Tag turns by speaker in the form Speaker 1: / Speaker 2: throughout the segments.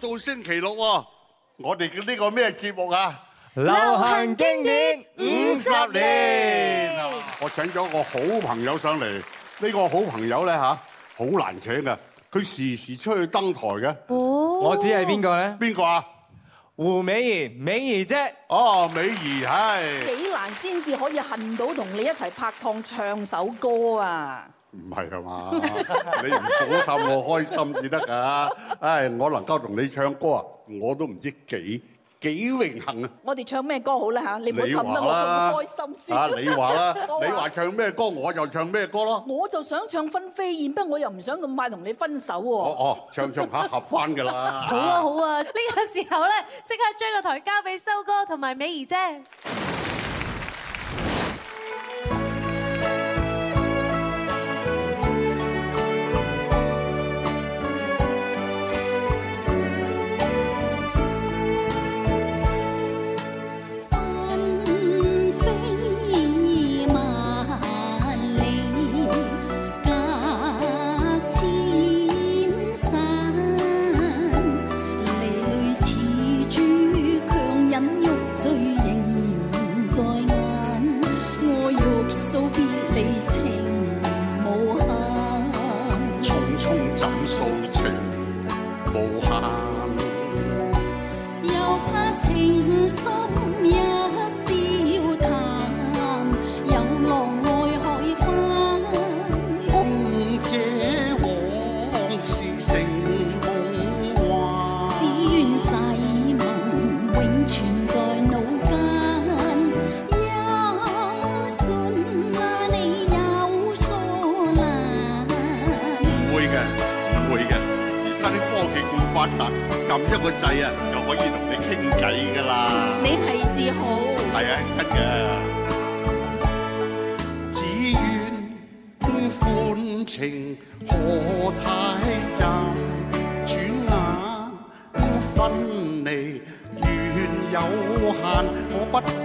Speaker 1: 到星期六我哋嘅呢個咩節目啊？流
Speaker 2: 行經典五十年，
Speaker 1: 年我請咗個好朋友上嚟。呢個好朋友咧嚇，好難請嘅，佢時時出去登台嘅。
Speaker 2: 哦，我知係邊個咧？邊個啊？胡美儀，美儀姐。哦，美儀係幾
Speaker 3: 難先至可以恨到同你一齊拍檔唱首歌啊！
Speaker 1: 唔係係嘛？ 你唔好氹我開心至得㗎！唉，我能夠同你唱歌啊，我都唔知幾幾榮幸啊我
Speaker 3: 我！我哋唱咩歌好咧嚇？你唔好氹得我咁開心先。啊，你話啦，你話
Speaker 1: 唱咩歌我就唱咩歌咯。我，
Speaker 3: 我就想唱分飛燕，不過我又唔想咁快同你分手喎。哦
Speaker 1: 哦，唱唱下合翻㗎啦。好啊
Speaker 3: 好啊，呢 個時候咧，即刻將個台交俾修哥同埋美儀姐。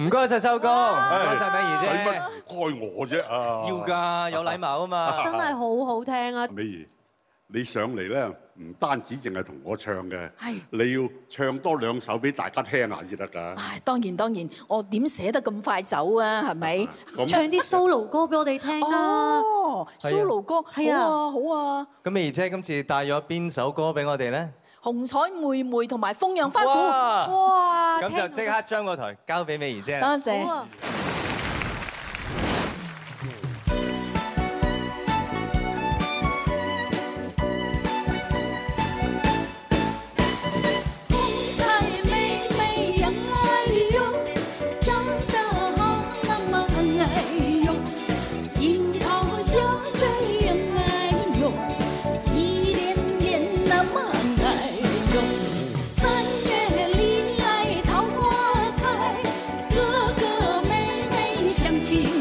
Speaker 2: 唔該晒修哥，唔該晒美儀姐。使乜怪我啫啊？要噶，有禮貌啊
Speaker 1: 嘛。 真係
Speaker 3: 好好聽啊！
Speaker 1: 美儀，你上嚟咧。唔單止淨係同我唱嘅，你要唱多兩首俾大家聽下先得㗎。唉，
Speaker 3: 當然當然，我點捨得咁快走、哦、啊？係咪？唱啲 solo 歌俾我哋聽啦。solo 歌係啊，好啊。
Speaker 2: 咁美儀姐今次帶咗邊首歌俾我哋咧？
Speaker 3: 紅彩妹妹同埋鳳陽花鼓。哇！咁就即刻
Speaker 2: 將個台交俾美儀姐。多謝，謝。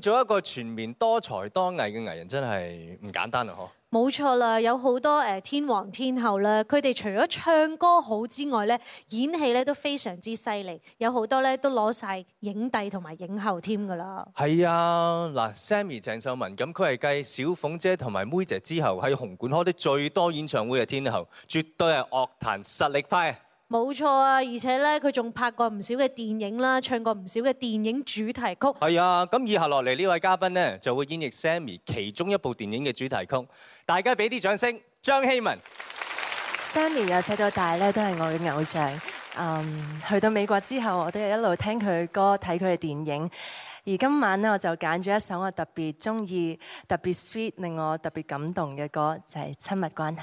Speaker 2: 做一個全面多才多藝嘅藝人真係唔簡單啊！嗬，
Speaker 3: 冇錯啦，有好多誒天皇天后咧，佢哋除咗唱歌好之外咧，演戲咧都非常之犀利。有好多咧都攞晒影帝同埋影后添噶啦。
Speaker 2: 係啊，嗱，Sammy 鄭秀文咁，佢係繼小鳳姐同埋妹姐之後喺紅館開得最多演唱會嘅天后，絕對係樂壇實力派。
Speaker 3: 冇錯啊，而且咧佢仲拍過唔少嘅電影啦，唱過唔少嘅電影主題曲。
Speaker 2: 係啊，咁以下落嚟呢位嘉賓呢，就會演繹 Sammy 其中一部電影嘅主題曲，大家俾啲掌聲。張曦雯
Speaker 3: ，Sammy 由細到大咧都係我嘅偶像。嗯，去到美國之後我都係一路聽佢嘅歌、睇佢嘅電影。而今晚呢，我就揀咗一首我特別鍾意、特別 sweet 令我特別感動嘅歌，就係、是《親密關係》。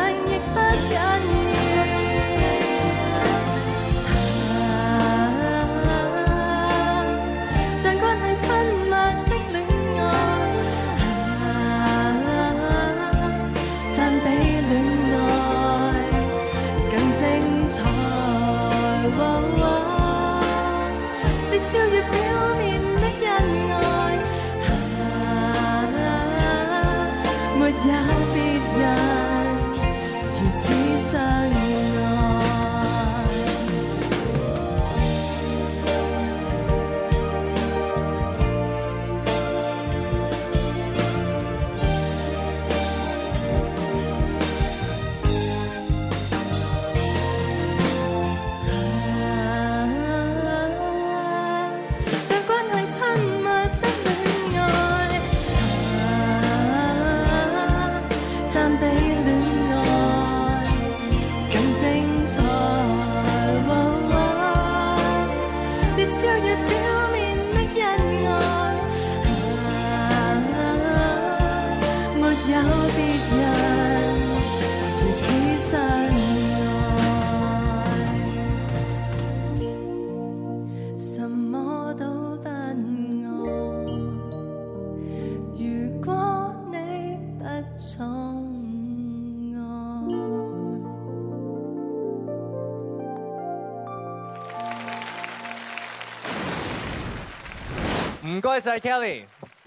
Speaker 3: 多謝 Kelly，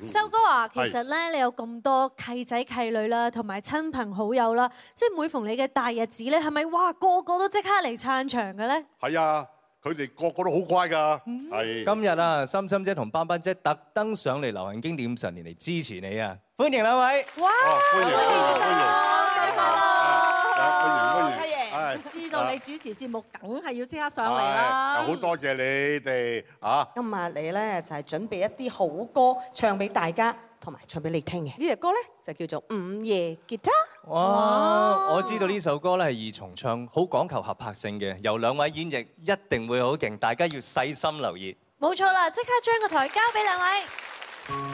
Speaker 3: 修哥啊，其實咧你有咁多契仔契女啦，同埋親朋好友啦，即係每逢你嘅大日子咧，係咪哇個個都即刻嚟撐場嘅咧？
Speaker 2: 係啊，佢哋個個都好乖㗎，係。今日啊，森森姐同斑斑姐特登上嚟流行經典五十年嚟支持你啊，歡迎兩位。哇！歡迎，歡迎，大家
Speaker 4: 知道你主持節目，梗係要即刻上嚟
Speaker 1: 啦！好多謝你哋嚇。今日你呢就係準備一啲好歌，唱俾
Speaker 3: 大家，同埋唱俾你聽嘅。呢隻歌呢，就叫做《午夜吉他》。
Speaker 1: 哇！
Speaker 2: 我知道呢首歌呢係二重唱，好講求合拍性嘅，由兩位演繹，一定會好勁，大家要細心留意沒
Speaker 3: 了。冇錯啦，即刻將個台交俾兩位。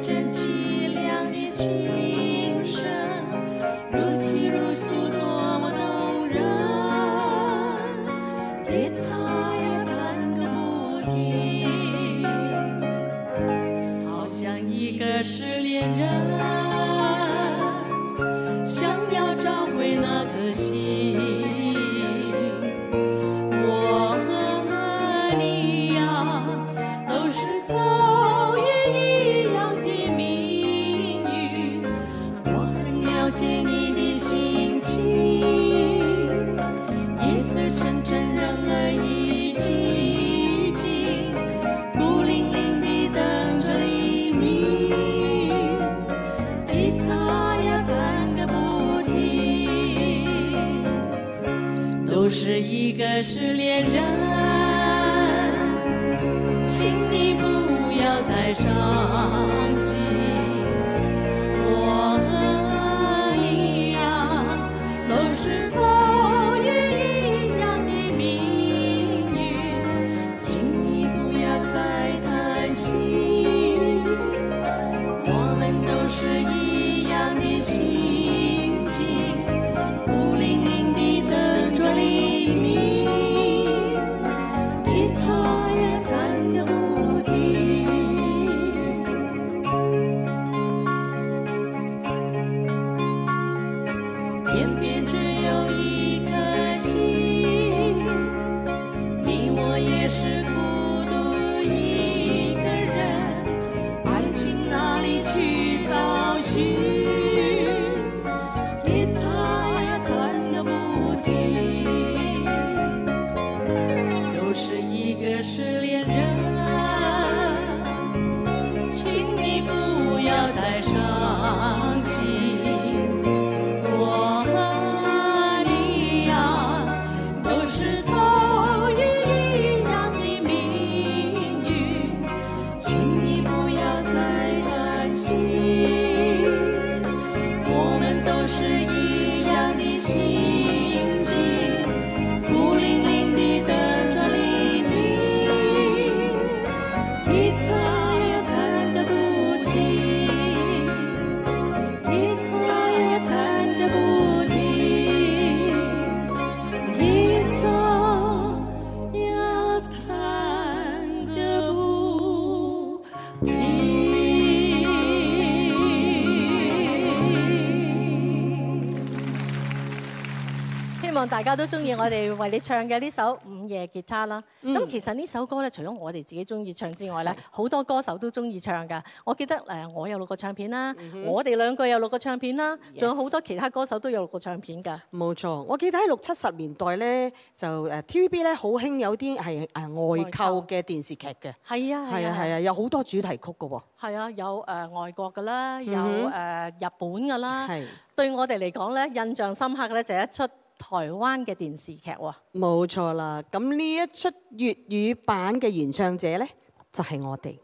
Speaker 3: 大家都喜意我哋為你唱嘅呢首午夜吉他啦。咁其實呢首歌除咗我哋自己喜意唱之外呢，好多歌手都喜意唱的，我記得我有錄過唱片啦，我哋兩個有錄過唱片啦，仲有好多其他歌手都有錄過唱片、嗯、沒
Speaker 4: 冇錯，我記得喺六七十年代呢，就 TVB 咧好興有啲係外購嘅電視劇嘅。
Speaker 3: 係啊，係
Speaker 4: 啊，有好多主題曲的喎。
Speaker 3: 係啊，有外國的啦，有日本的啦。對我哋嚟講印象深刻的就是一出，台灣嘅電視劇喎、
Speaker 4: 哦，冇錯啦。咁呢一出粵語版嘅原唱者呢，就係、係、我哋，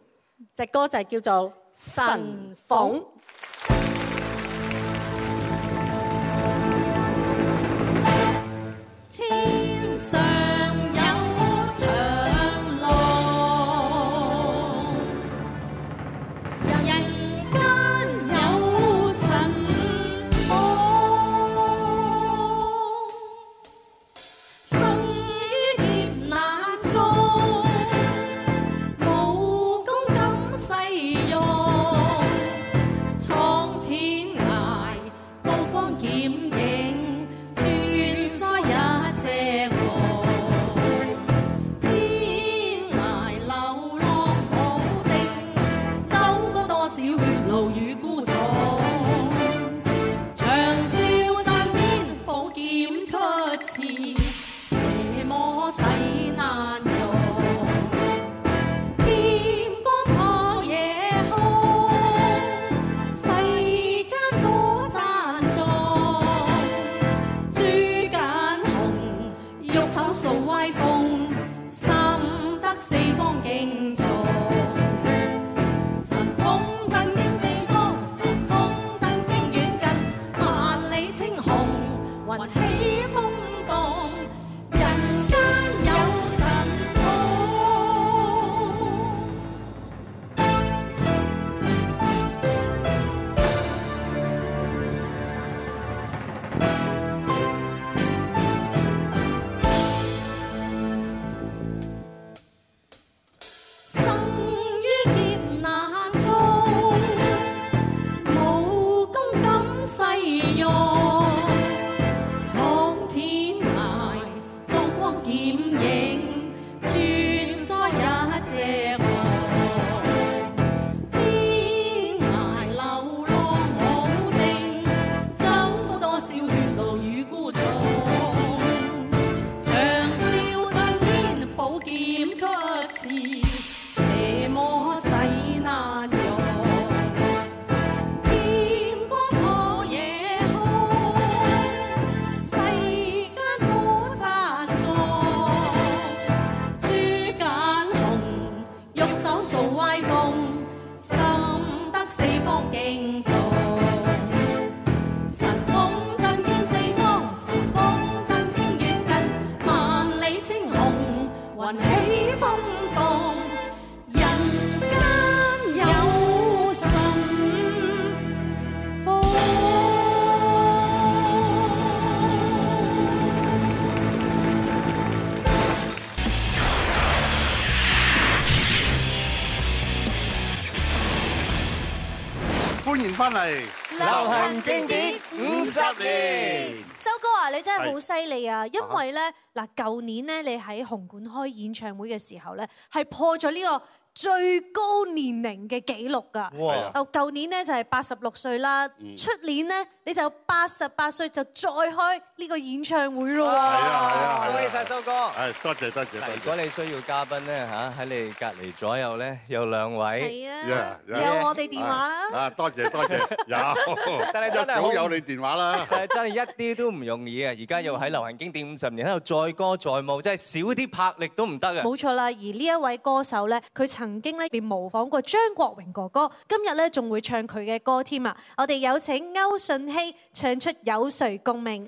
Speaker 3: 隻歌就係叫做《神鳳》。
Speaker 1: 翻嚟流行經典五十年，
Speaker 3: 修哥啊，你真係好犀利啊！因為咧，嗱、uh-huh. 舊年咧，你喺紅館開演唱會嘅時候咧，係破咗呢、這個。最高年齡嘅記錄㗎、啊，就舊年呢就係八十六歲啦，出、嗯、年呢你就八十八歲就再開呢個演唱會咯喎，開曬、啊啊、修哥，
Speaker 2: 係多、啊、謝多謝，謝，謝，謝，謝。如果你需要嘉賓咧嚇喺你隔離左右咧有兩位，係啊，有、啊、我哋電話啦，啊多謝多謝，謝謝 有， 但係真係好有你電話啦， 真係一啲都唔容易啊！而家又喺流行經典五十年喺度載歌載舞，真係少啲魄力都唔得啊！冇
Speaker 3: 錯啦，而呢一位歌手咧，佢曾。曾經咧，被模仿過張國榮哥哥，今日咧仲會唱佢嘅歌添啊！我哋有請歐信希唱出有誰共鳴。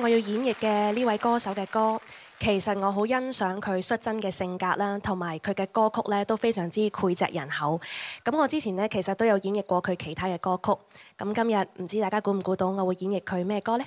Speaker 3: 我要演繹嘅呢位歌手嘅歌，其實我好欣賞佢率真嘅性格啦，同埋佢嘅歌曲咧都非常之膾炙人口。咁我之前咧其實都有演繹過佢其他嘅歌曲。咁今日唔知大家估唔估到我會演繹佢咩歌咧？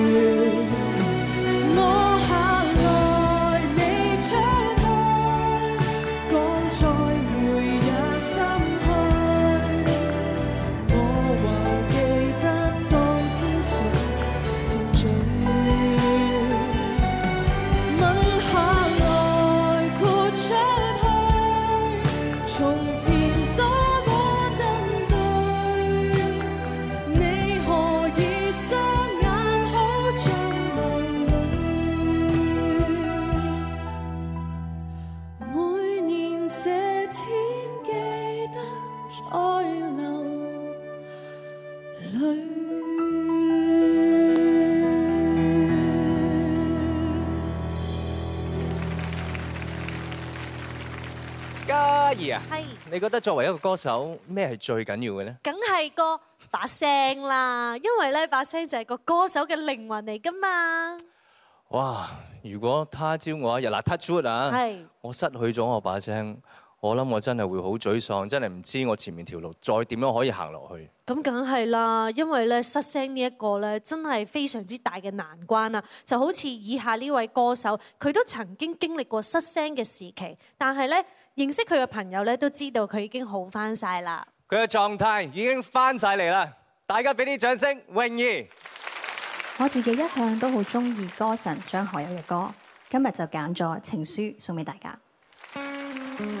Speaker 4: 愛流
Speaker 5: 淚。
Speaker 2: 嘉儀啊，係你覺得作為一個歌手咩係最緊要嘅呢？
Speaker 3: 梗係個把聲啦，因為呢把聲就係個歌手嘅靈魂嚟噶嘛。
Speaker 2: 哇！如果他朝我一日啦，touch wood 啊，係我失去咗我把聲。我諗我真係會好沮喪，真係唔知我前面條路再點樣可以行落去。
Speaker 3: 咁梗係啦，因為咧失聲呢一個咧，真係非常之大嘅難關啊！就好似以下呢位歌手，佢都曾經經歷過失聲嘅時期，但係咧認識佢嘅朋友咧都知道佢已經好翻晒啦。
Speaker 2: 佢嘅狀態已經翻晒嚟啦！大家俾啲掌聲，泳兒。
Speaker 3: 我自己一向都好中意歌神張學友嘅歌，今日就揀咗情書送俾大家。嗯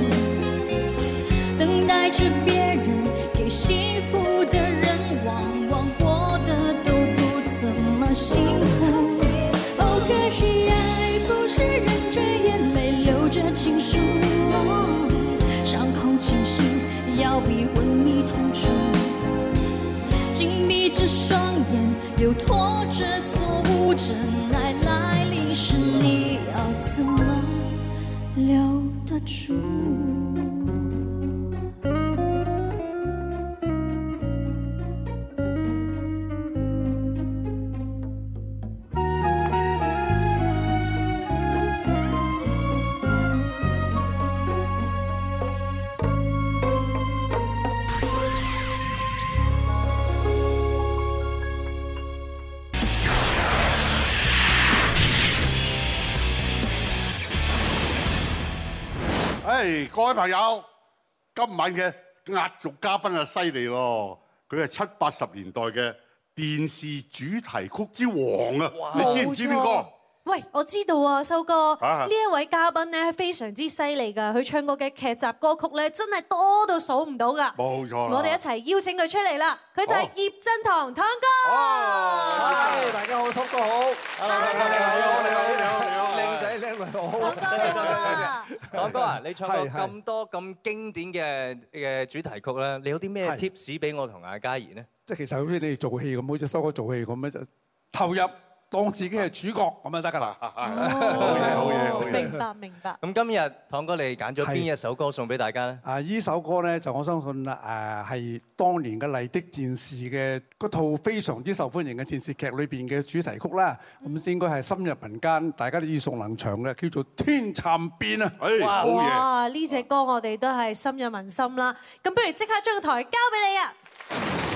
Speaker 1: 各位朋友，今晚嘅壓軸嘉賓啊，犀利喎！佢係七八十年代嘅電視主題曲之王啊！你知唔知邊個？
Speaker 3: 喂、哎，我知道啊，修哥。呢一位嘉賓咧，係非常之犀利噶，佢唱過嘅劇集歌曲咧，真係多到數唔到噶。
Speaker 1: 冇錯。我哋一
Speaker 3: 齊邀請佢出嚟啦！佢就係葉振棠棠哥。嗨、啊，大家好，修哥好！Hello，好，好！好！你你好。
Speaker 2: 好多謝哥，哥，哥啊，啊，你唱過咁多咁經典嘅嘅主題曲咧，你有啲咩 tips 俾我同阿嘉儀咧？
Speaker 6: 即係其實好似你哋做戲咁，好似收工做戲咁咧
Speaker 2: 就投入。當自己係主角咁啊得㗎啦！好嘢，好嘢，明白，明白天。咁今日棠哥你揀咗邊一首歌送俾大家咧？
Speaker 6: 啊，呢首歌咧就我相信誒係當年嘅麗的電視嘅嗰套非常之受歡迎嘅電視劇裏邊嘅主題曲啦，咁先應該係深入民間，大家都耳熟能詳嘅，叫做《天蠶變》啊！哇，
Speaker 3: 好嘢！呢隻歌我哋都係深入民心啦。咁不如即刻將個台交俾你啊！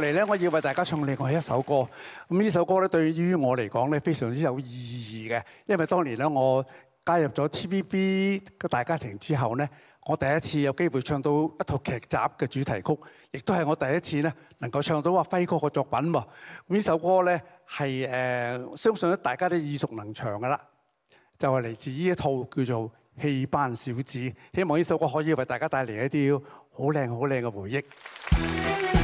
Speaker 6: 嚟咧，我要為大家唱另外一首歌。咁呢首歌咧，對於我嚟講咧，非常之有意義嘅。因為當年咧，我加入咗 TVB 嘅大家庭之後咧，我第一次有機會唱到一套劇集嘅主題曲，亦都係我第一次咧，能夠唱到阿輝哥嘅作品噃。呢首歌咧係，誒，相信咧大家都耳熟能詳噶啦，就係嚟自呢一套叫做《戲班小子》。希望呢首歌可以為大家帶嚟一啲好靚好靚嘅回憶。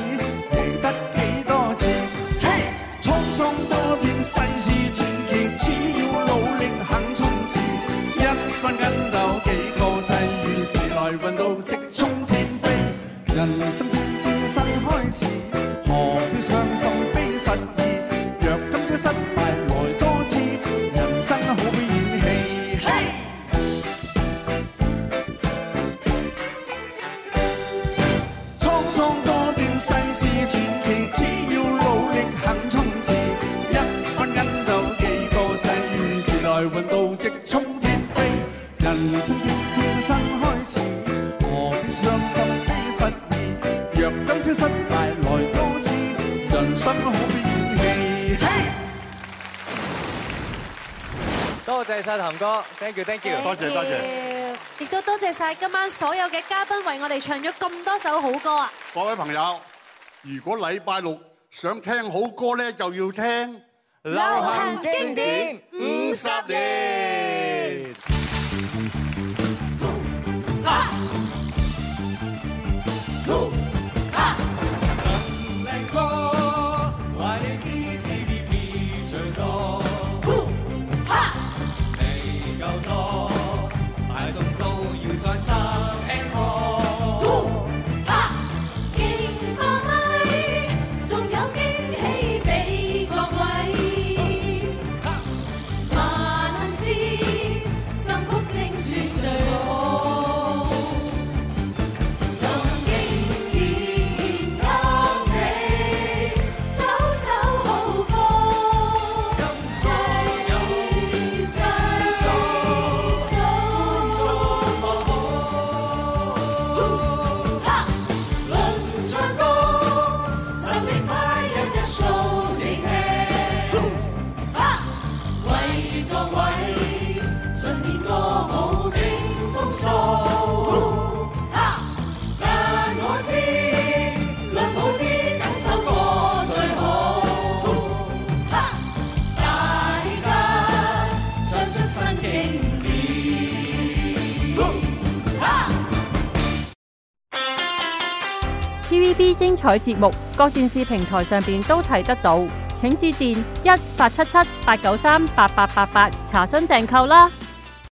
Speaker 2: 多謝棠哥，Thank you，Thank you，
Speaker 3: 多謝多謝，亦都多謝曬今晚所有嘅嘉賓為我哋唱咗咁多首好
Speaker 1: 歌啊！各位朋友，如果禮拜六想聽好歌咧，就要聽流行經典五十年。
Speaker 3: 改節目，各電視平台上邊都睇得到，請致電一八七七八九三八八八八查詢訂購啦。